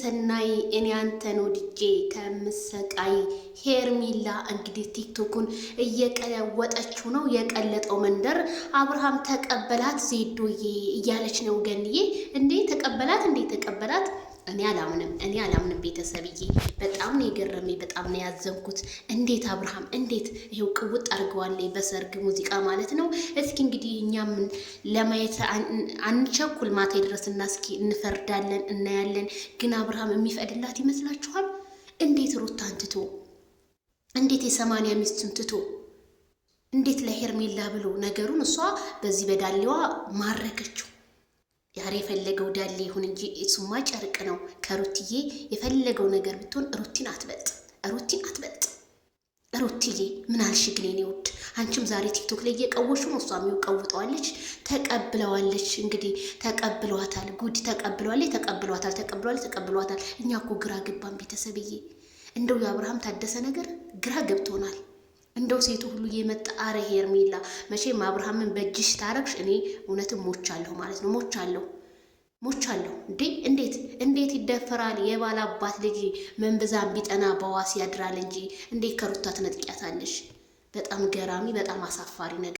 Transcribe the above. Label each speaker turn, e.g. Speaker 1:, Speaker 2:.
Speaker 1: ሰናይ እኔ አንተን ወድጄ ከምሰቃይ ሄርሚላ እንግዲህ ቲክቶኩን እየቀለወጠችው ነው። የቀለጠው መንደር አብርሃም ተቀበላት ዜዶዬ እያለች ነው ገንዬ። እንዴ ተቀበላት፣ እንዴ ተቀበላት እኔ አላምንም እኔ አላምንም ቤተሰብዬ፣ በጣም ነው የገረመኝ፣ በጣም ነው ያዘንኩት። እንዴት አብርሃም እንዴት ይሄው ቅውጥ አድርገዋል በሰርግ ሙዚቃ ማለት ነው። እስኪ እንግዲህ እኛም ለማየት አንቸኩል፣ ማታ ድረስና እስኪ እንፈርዳለን፣ እናያለን። ግን አብርሃም የሚፈቅድላት ይመስላችኋል? እንዴት ሩታን ትቶ እንዴት የሰማንያ ሚስቱን ትቶ እንዴት ለሄርሜላ ብሎ ነገሩን እሷ በዚህ በዳሌዋ ማረከችው። ያሬ የፈለገው ዳሌ ይሁን እንጂ እሱማ ጨርቅ ነው። ከሩትዬ የፈለገው ነገር ብትሆን ሩቲን አትበልጥ፣ ሩቲን አትበልጥ። ሩትዬ ምን አልሽ ግን የኔ ውድ? አንቺም ዛሬ ቲክቶክ ላይ እየቀወሹ ነው። እሷም ይቀውጠዋለች፣ ተቀብለዋለች። እንግዲህ ተቀብለዋታል፣ ጉድ ተቀብለዋለች፣ ተቀብለዋታል፣ ተቀብለዋለች፣ ተቀብለዋታል። እኛ እኮ ግራ ግባን ቤተሰብዬ። እንደው የአብርሃም ታደሰ ነገር ግራ ገብቶናል። እንደው ሴቱ ሁሉ የመጣ አረ ሄርሜላ መቼም አብርሃምን በእጅሽ ታረግሽ። እኔ እውነትም ሞቻለሁ ማለት ነው ሞቻለሁ ሞቻለሁ እንዴ! እንዴት እንዴት ይደፈራል? የባል አባት ልጅ መንብዛን ቢጠና በዋስ ያድራል እንጂ እንዴት ከሩታ ትነጥቂያታለሽ? በጣም ገራሚ፣ በጣም አሳፋሪ ነገር